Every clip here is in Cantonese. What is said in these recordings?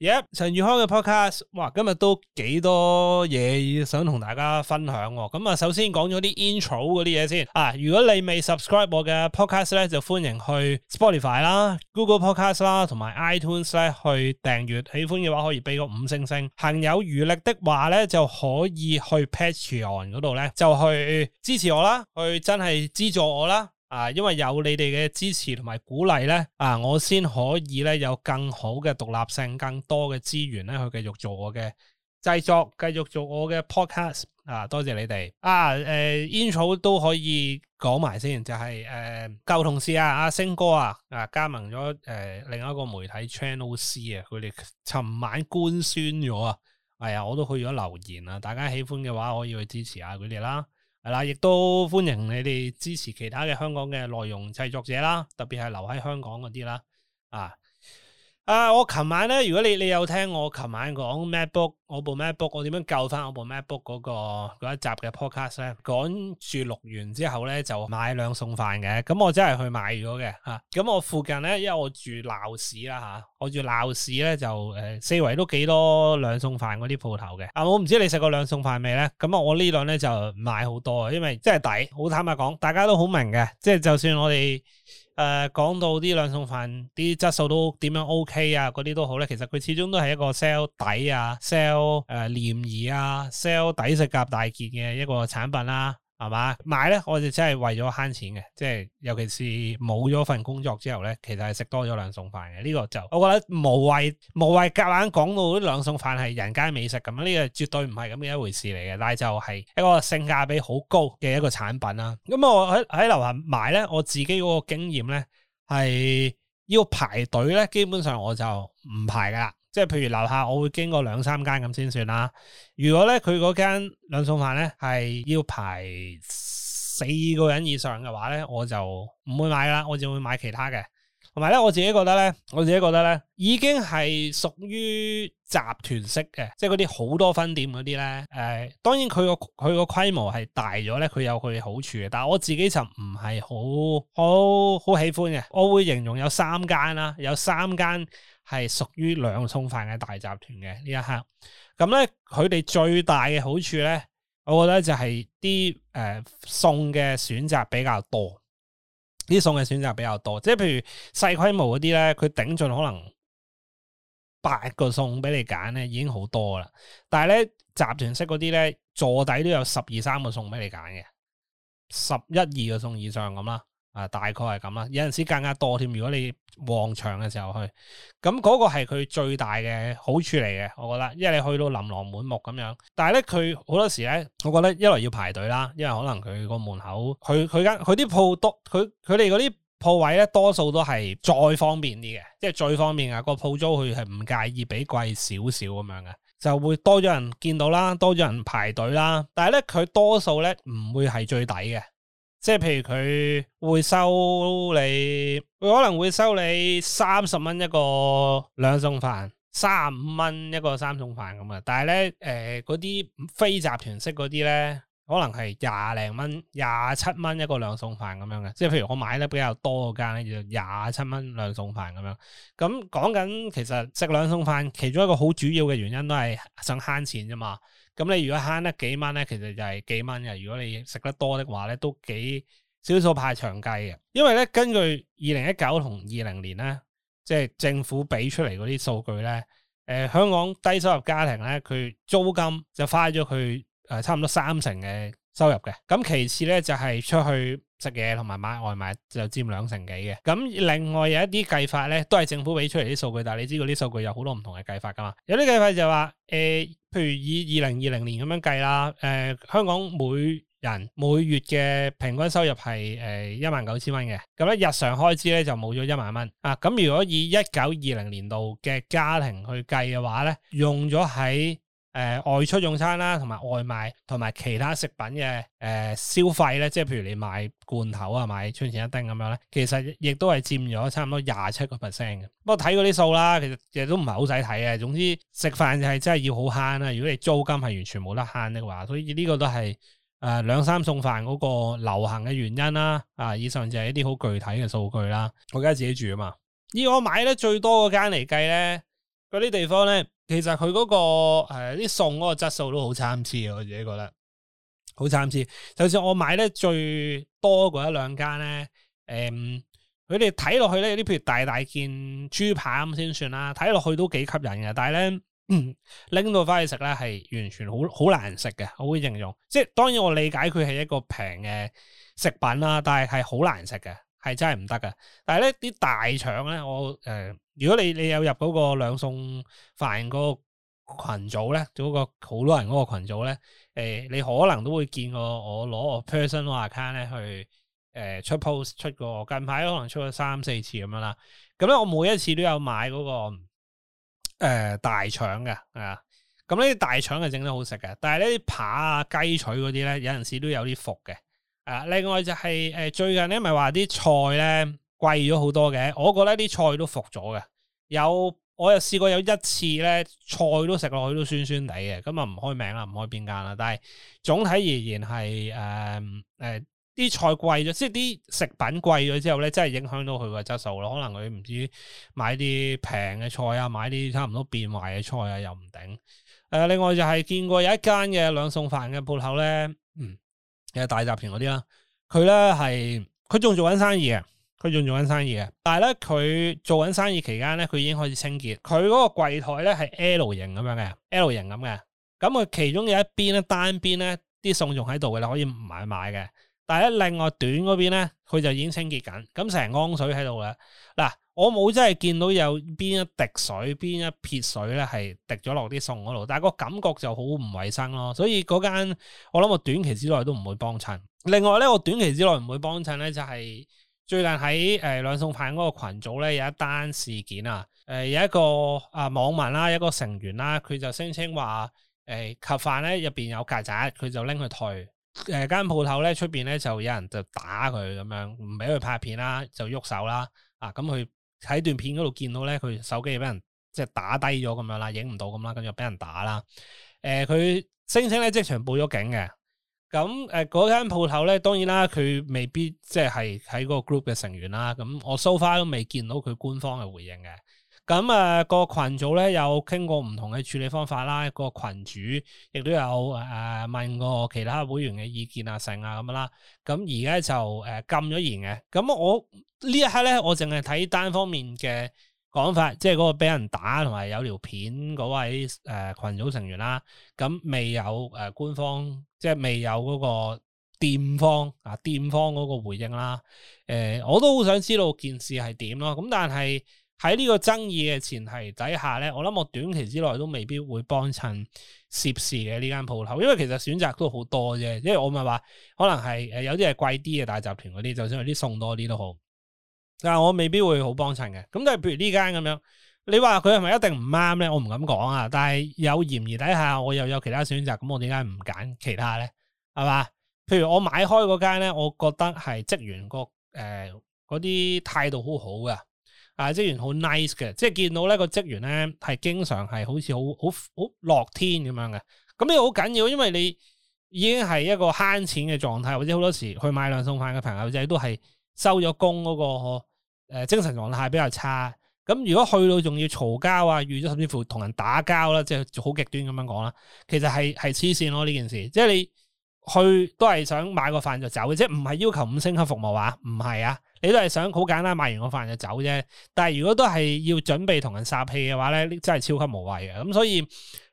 耶！陳宇康嘅 podcast，哇，今日都幾多嘢想同大家分享喎。咁啊，首先講咗啲 intro 嗰啲嘢先。啊，如果你未 subscribe 我嘅 podcast 咧，就歡迎去 Spotify 啦、Google Podcast 啦、同埋 iTunes 咧去訂閱。喜歡嘅話可以俾個五星星。行有餘力的話咧，就可以去 Patreon 嗰度咧，就去支持我啦，去真係資助我啦。啊，因為有你哋嘅支持同埋鼓勵咧，啊，我先可以咧有更好嘅獨立性，更多嘅資源咧去繼續做我嘅製作，繼續做我嘅 podcast。啊，多謝你哋。啊，誒 intro 都可以講埋先，就係、是、誒，舊同事啊，阿星哥啊，啊，加盟咗誒、呃、另一個媒體 channel C 啊，佢哋尋晚官宣咗啊，係、哎、啊，我都去咗留言啦、啊，大家喜歡嘅話可以去支持下佢哋啦。係啦，亦都歡迎你哋支持其他嘅香港嘅內容製作者啦，特別係留喺香港嗰啲啦，啊！啊！我琴晚咧，如果你你有聽我琴晚講 MacBook，我部 MacBook 我點樣救翻我部 MacBook 嗰、那個嗰一集嘅 podcast 咧，趕住錄完之後咧就買兩餸飯嘅，咁我真係去買咗嘅吓。咁、啊、我附近咧，因為我住鬧市啦吓、啊，我住鬧市咧就誒、呃、四圍都幾多兩餸飯嗰啲鋪頭嘅。啊，我唔知你食過兩餸飯未咧？咁啊，我呢兩咧就買好多，因為真係抵。好坦白講，大家都好明嘅，即係就算我哋。誒、呃、講到啲兩餸飯啲質素都點樣 OK 啊，嗰啲都好咧。其實佢始終都係一個 sell 底啊，sell 誒、呃、廉宜啊，sell 抵食夾大件嘅一個產品啦、啊。係嘛，買咧，我就真係為咗慳錢嘅，即係尤其是冇咗份工作之後咧，其實係食多咗兩餸飯嘅。呢個就我覺得無謂無謂夾硬講到啲兩餸飯係人間美食咁樣，呢個絕對唔係咁嘅一回事嚟嘅。但係就係一個性價比好高嘅一個產品啦。咁我喺喺樓下買咧，我自己嗰個經驗咧係要排隊咧，基本上我就唔排噶啦。即係譬如樓下我會經過兩三間咁先算啦。如果咧佢嗰間兩餸飯咧係要排四個人以上嘅話咧，我就唔會買啦。我就會買其他嘅。同埋咧，我自己覺得咧，我自己覺得咧，已經係屬於集團式嘅，即係嗰啲好多分店嗰啲咧。誒、呃，當然佢個佢個規模係大咗咧，佢有佢嘅好處嘅。但係我自己就唔係好好好喜歡嘅。我會形容有三間啦，有三間。係屬於兩餸飯嘅大集團嘅呢一刻，咁咧，佢哋最大嘅好處咧，我覺得就係啲誒餸嘅選擇比較多，啲餸嘅選擇比較多，即係譬如細規模嗰啲咧，佢頂盡可能八個餸俾你揀咧，已經好多啦。但係咧，集團式嗰啲咧，座底都有十二三個餸俾你揀嘅，十一二個餸以上咁啦。啊，大概係咁啦，有陣時更加多添。如果你旺場嘅時候去，咁、那、嗰個係佢最大嘅好處嚟嘅，我覺得，因為你去到琳琅滿目咁樣。但係咧，佢好多時咧，我覺得一來要排隊啦，因為可能佢個門口，佢佢間佢啲鋪多，佢佢哋啲鋪位咧，多數都係再方便啲嘅，即係最方便啊個鋪租佢係唔介意俾貴少少咁樣嘅，就會多咗人見到啦，多咗人排隊啦。但係咧，佢多數咧唔會係最抵嘅。即係譬如佢會收你，佢可能會收你三十蚊一個兩餸飯，三十五蚊一個三餸飯咁啊。但係咧，誒嗰啲非集團式嗰啲咧，可能係廿零蚊，廿七蚊一個兩餸飯咁樣嘅。即係譬如我買得比較多嗰間咧，就廿七蚊兩餸飯咁樣。咁、嗯、講緊其實食兩餸飯，其中一個好主要嘅原因都係想慳錢啫嘛。咁你如果慳得幾蚊咧，其實就係幾蚊嘅。如果你食得多嘅話咧，都幾少數怕長計嘅。因為咧，根據二零一九同二零年咧，即政府俾出嚟嗰啲數據咧、呃，香港低收入家庭咧，佢租金就花咗佢差唔多三成嘅收入嘅。咁其次咧就係、是、出去。食嘢同埋買外賣就佔兩成幾嘅，咁另外有一啲計法咧，都係政府俾出嚟啲數據，但係你知道啲數據有好多唔同嘅計法噶嘛？有啲計法就話，誒、呃，譬如以二零二零年咁樣計啦，誒、呃，香港每人每月嘅平均收入係誒一萬九千蚊嘅，咁、呃、咧日常開支咧就冇咗一萬蚊啊，咁如果以一九二零年度嘅家庭去計嘅話咧，用咗喺。誒、呃、外出用餐啦、啊，同埋外賣，同埋其他食品嘅誒、呃、消費咧，即係譬如你買罐頭啊，買出前一丁咁樣咧，其實亦都係佔咗差唔多廿七個 percent 嘅。不過睇嗰啲數啦，其實亦都唔係好使睇嘅。總之食飯就係真係要好慳啦。如果你租金係完全冇得慳嘅話，所以呢個都係誒兩三餸飯嗰個流行嘅原因啦。啊，以上就係一啲好具體嘅數據啦。我而家自己住啊嘛，以我買得最多嗰間嚟計咧，嗰啲地方咧。其實佢嗰、嗰個誒啲餸嗰個質素都好參差啊。我自己覺得好參差。就算我買咧最多嗰一兩間咧，誒、嗯，佢哋睇落去咧，有啲譬如大大件豬扒咁先算啦，睇落去都幾吸引嘅。但係咧，拎到翻去食咧係完全好好難食嘅，我會形容。即係當然我理解佢係一個平嘅食品啦，但係係好難食嘅，係真係唔得嘅。但係咧，啲大腸咧，我誒。呃如果你你有入嗰個兩餸飯，嗰個羣組咧，嗰個好多人嗰個羣組咧，誒、呃，你可能都會見過我攞個 personal account l a 咧去誒、呃、出 post，出過近排可能出咗三四次咁樣啦。咁咧我每一次都有買嗰、嗰個、呃、大腸嘅，啊，咁呢啲大腸係整得好食嘅，但係呢啲扒啊雞腿嗰啲咧，有陣時都有啲伏嘅。啊，另外就係、係、誒最近咧咪話啲菜咧。貴咗好多嘅，我覺得啲菜都腐咗嘅。有，我又試過有一次咧，菜都食落去都酸酸地嘅，咁啊，唔開名啦，唔開邊間啦。但係總體而言係誒誒，啲、呃呃、菜貴咗，即係啲食品貴咗之後咧，真係影響到佢個質素咯。可能佢唔知買啲平嘅菜啊，買啲差唔多變壞嘅菜啊，又唔頂。誒、呃，另外就係見過有一間嘅兩餸飯嘅鋪頭咧，嗯，其大集團嗰啲啦，佢咧係佢仲做緊生意啊。佢仲做緊生意嘅，但係咧佢做緊生意期間咧，佢已經開始清潔。佢嗰個櫃台咧係 L 型咁樣嘅，L 型咁嘅。咁佢其中有一邊咧，單邊咧啲餸仲喺度嘅啦，可以唔買買嘅。但係咧另外短嗰邊咧，佢就已經清潔緊，咁成缸水喺度啦。嗱，我冇真係見到有邊一滴水，邊一撇水咧係滴咗落啲餸嗰度，但係個感覺就好唔衞生咯。所以嗰間我諗我短期之內都唔會幫襯。另外咧，我短期之內唔會幫襯咧，就係、是。最近喺誒、呃、兩餸派嗰個羣組咧有一單事件啊，誒、呃、有一個啊、呃、網民啦，一個成員啦，佢就聲稱話誒盒飯咧入邊有曱甴，佢就拎去退，誒間鋪頭咧出邊咧就有人就打佢咁樣，唔俾佢拍片啦，就喐手啦，啊咁佢喺段片嗰度見到咧，佢手機俾人即係、就是、打低咗咁樣啦，影唔到咁啦，咁就俾人打啦，誒、呃、佢聲稱咧即場報咗警嘅。咁誒嗰間鋪頭咧，當然啦，佢未必即係喺個 group 嘅成員啦。咁我 so far 都未見到佢官方嘅回應嘅。咁誒個群組咧有傾過唔同嘅處理方法啦，個群主亦都有誒、呃、問過其他會員嘅意見啊、成啊咁樣啦。咁而家就誒、呃、禁咗言嘅。咁我呢一刻咧，我淨係睇單方面嘅。講法，即係嗰個俾人打同埋有，有條片嗰位誒、呃、群組成員啦，咁未有誒、呃、官方即係未有嗰個店方啊店方嗰個回應啦。誒、呃，我都好想知道件事係點咯。咁但係喺呢個爭議嘅前提底下咧，我諗我短期之內都未必會幫襯涉事嘅呢間鋪頭，因為其實選擇都好多啫。因為我咪話可能係誒、呃、有啲係貴啲嘅大集團嗰啲，就算有啲送多啲都好。但我未必會好幫襯嘅，咁但係譬如呢間咁樣，你話佢係咪一定唔啱咧？我唔敢講啊，但係有嫌疑底下，我又有其他選擇，咁我點解唔揀其他咧？係嘛？譬如我買開嗰間咧，我覺得係職員個誒嗰啲態度好好嘅，啊職員好 nice 嘅，即係見到呢個職員咧，係經常係好似好好好樂天咁樣嘅。咁呢個好緊要，因為你已經係一個慳錢嘅狀態，或者好多時去買兩餸飯嘅朋友仔都係收咗工嗰個。誒，精神狀態比較差，咁如果去到仲要嘈交啊，遇咗甚至乎同人打交啦，即係好極端咁樣講啦，其實係係黐線咯呢件事，即係你去都係想買個飯就走嘅，即係唔係要求五星級服務啊？唔係啊，你都係想好簡單買完個飯就走啫。但係如果都係要準備同人撒氣嘅話咧，真係超級無謂嘅。咁所以，誒、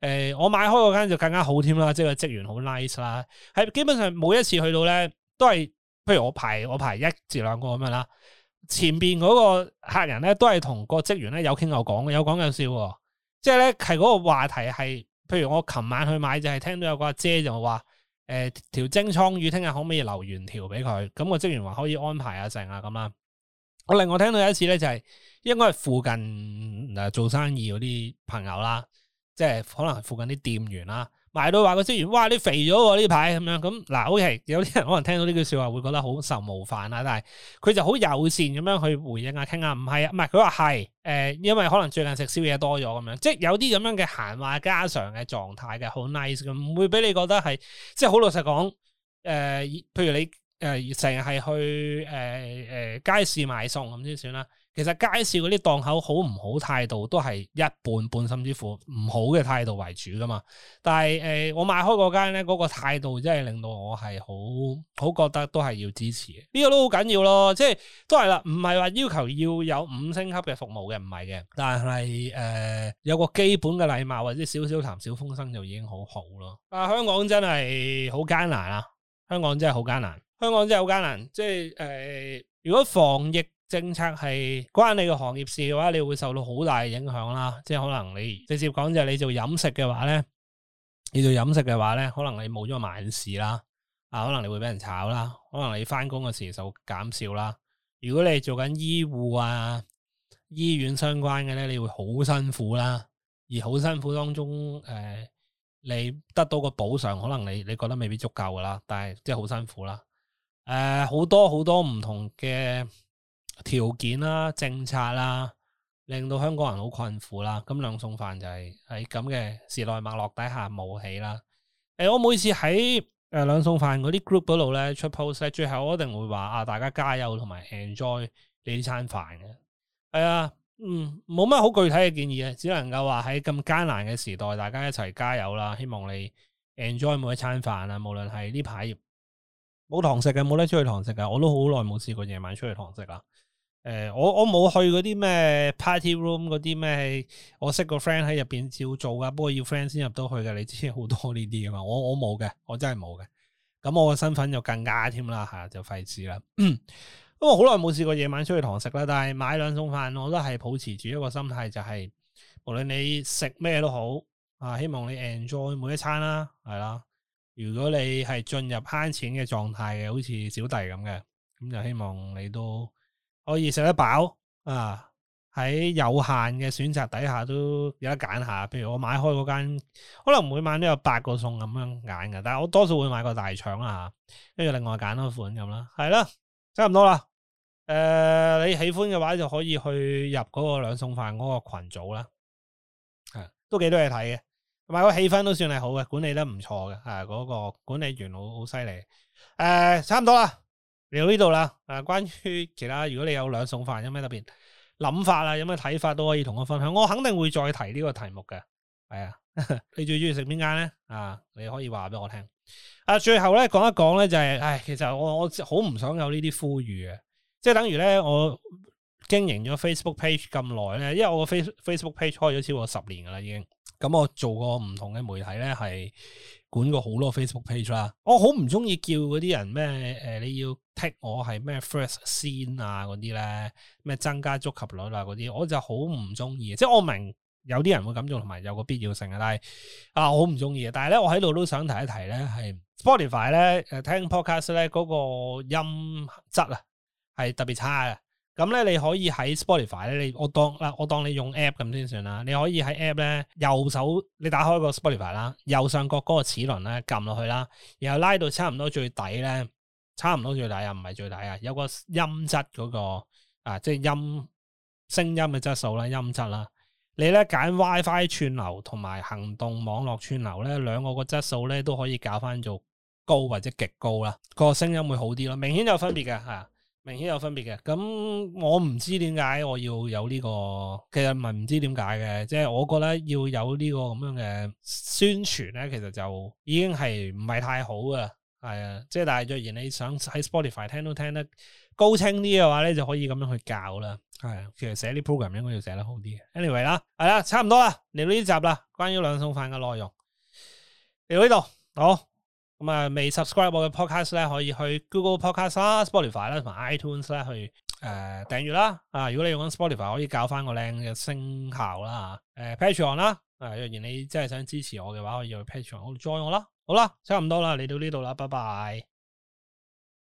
呃，我買開嗰間就更加好添啦，即係個職員好 nice 啦，係基本上每一次去到咧，都係譬如我排我排一至兩個咁樣啦。前面嗰個客人咧，都係同個職員咧有傾有講，有講有笑，即係咧係嗰個話題係，譬如我琴晚去買就係、是、聽到有個阿姐就話，誒條蒸倉魚聽日可唔可以留完條俾佢？咁、嗯那個職員話可以安排阿成啊咁啊，我另外聽到有一次咧就係、是，應該係附近誒做生意嗰啲朋友啦，即、就、係、是、可能附近啲店員啦。埋到話佢雖然，哇你肥咗喎呢排咁樣，咁嗱，OK，有啲人可能聽到呢句說話會覺得好受冒犯啊，但係佢就好友善咁樣去回應啊，傾啊，唔係啊，唔係佢話係，誒、呃，因為可能最近食宵夜多咗咁樣，即係有啲咁樣嘅閒話家常嘅狀態嘅，好 nice，唔會俾你覺得係即係好老實講，誒、呃，譬如你。誒成日係去誒誒、呃呃、街市買餸咁先算啦。其實街市嗰啲檔口好唔好態度都係一半半，甚至乎唔好嘅態度為主㗎嘛。但係誒、呃、我買開嗰間咧，嗰、那個態度真係令到我係好好覺得都係要支持呢、這個都好緊要咯，即、就、係、是、都係啦。唔係話要求要有五星級嘅服務嘅，唔係嘅。但係誒、呃、有個基本嘅禮貌或者少少談笑風生就已經好好咯。啊，香港真係好艱難啊！香港真係好艱難。香港真係好艱難，即係、呃、如果防疫政策係關你個行業事嘅話，你會受到好大嘅影響啦。即係可能你直接講就係你做飲食嘅話呢，你做飲食嘅話呢，可能你冇咗個晚市啦、啊，可能你會俾人炒啦，可能你翻工嘅時就減少啦。如果你做緊醫護啊、醫院相關嘅呢，你會好辛苦啦，而好辛苦當中、呃、你得到個補償，可能你你覺得未必足夠噶，但係真係好辛苦啦。誒，好、呃、多好多唔同嘅條件啦、啊、政策啦、啊，令到香港人好困苦啦、啊。咁兩餸飯就係喺咁嘅時代脈絡底下冒起啦。誒、呃，我每次喺誒兩餸飯嗰啲 group 嗰度咧出 post 咧，最後我一定會話啊，大家加油同埋 enjoy 你呢餐飯嘅。係、呃、啊，嗯，冇乜好具體嘅建議嘅，只能夠話喺咁艱難嘅時代，大家一齊加油啦。希望你 enjoy 每一餐飯啊，無論係呢排。冇堂食嘅，冇得出去堂食嘅，我都好耐冇試過夜晚出去堂食啦。誒、呃，我我冇去嗰啲咩 party room，嗰啲咩，我識個 friend 喺入邊照做噶，不過要 friend 先入到去嘅，你知好多呢啲噶嘛，我我冇嘅，我真係冇嘅。咁我嘅身份就更加添啦，吓、啊、就費事啦。不過好耐冇試過夜晚出去堂食啦，但係買兩餸飯，我都係保持住一個心態，就是，就係無論你食咩都好啊，希望你 enjoy 每一餐啦、啊，係啦。如果你係進入慳錢嘅狀態嘅，好似小弟咁嘅，咁就希望你都可以食得飽啊！喺有限嘅選擇底下都有得揀下，譬如我買開嗰間，可能每晚都有八個餸咁樣揀㗎，但係我多數會買個大腸啦，啊，跟住另外揀多款咁啦，係啦，差唔多啦。誒、呃，你喜歡嘅話就可以去入嗰個兩餸飯嗰個群組啦，係的都幾多嘢睇嘅。同埋個氣氛都算係好嘅，管理得唔錯嘅，啊嗰、嗰個管理員好好犀利，誒、呃、差唔多啦，嚟到呢度啦，啊關於其他，如果你有兩餸飯有咩特別諗法啊，有咩睇法，法都可以同我分享，我肯定會再提呢個題目嘅，係啊， 你最中意食邊間咧啊？你可以話俾我聽。啊，最後咧講一講咧就係、是，唉，其實我我好唔想有籲、就是、呢啲呼籲嘅，即係等於咧我。經營咗 Facebook page 咁耐咧，因為我個 Facebook Facebook page 開咗超過十年噶啦，已經咁我做過唔同嘅媒體咧，係管過好多 Facebook page 啦。我好唔中意叫嗰啲人咩誒、呃，你要剔我係咩 first 先啊嗰啲咧，咩增加觸及率啊嗰啲，我就好唔中意。即係我明有啲人會咁做，同埋有，有個必要性啊，但係啊，我好唔中意。但係咧，我喺度都想提一提咧，係 Spotify 咧，誒，聽 podcast 咧嗰、嗰個音質啊，係特別差啊。咁咧，你可以喺 Spotify 咧，你我當嗱，我當你用 app 咁先算啦。你可以喺 app 咧，右手你打開個 Spotify 啦，右上角嗰個齒輪咧，撳落去啦，然後拉到差唔多最底咧，差唔多最底啊，唔係最底啊，有個音質嗰個啊，即係音聲音嘅質素啦，音質啦，你咧揀 WiFi 串流同埋行動網絡串流咧，兩個個質素咧都可以搞翻做高或者極高啦，個聲音會好啲咯，明顯有分別嘅係。明顯有分別嘅，咁我唔知點解我要有呢、這個，其實唔係唔知點解嘅，即、就、係、是、我覺得要有呢個咁樣嘅宣傳呢，其實就已經係唔係太好嘅，係啊，即係但係若然你想喺 Spotify 聽都聽得高清啲嘅話咧，就可以咁樣去教啦。係，其實寫啲 program 應該要寫得好啲。Anyway 啦，係啦，差唔多啦，嚟到呢集啦，關於兩餸嘅內容，嚟到呢度，好。咁啊，未 subscribe 我嘅 podcast 咧，可以去 Google Podcast 啦、Spotify 啦同埋 iTunes 咧去誒訂閱啦。啊，如果你用緊 Spotify，可以教翻個靚嘅聲效啦。誒、呃、Patreon 啦，誒、啊，若然你真係想支持我嘅話，可以去 Patreon，join 我啦。好啦，差唔多啦，嚟到呢度啦，拜拜。